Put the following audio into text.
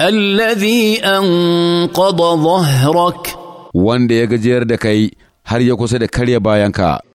الذي أنقض ظهرك وان دي يجير دكاي هر يكوسد كريا بايانكا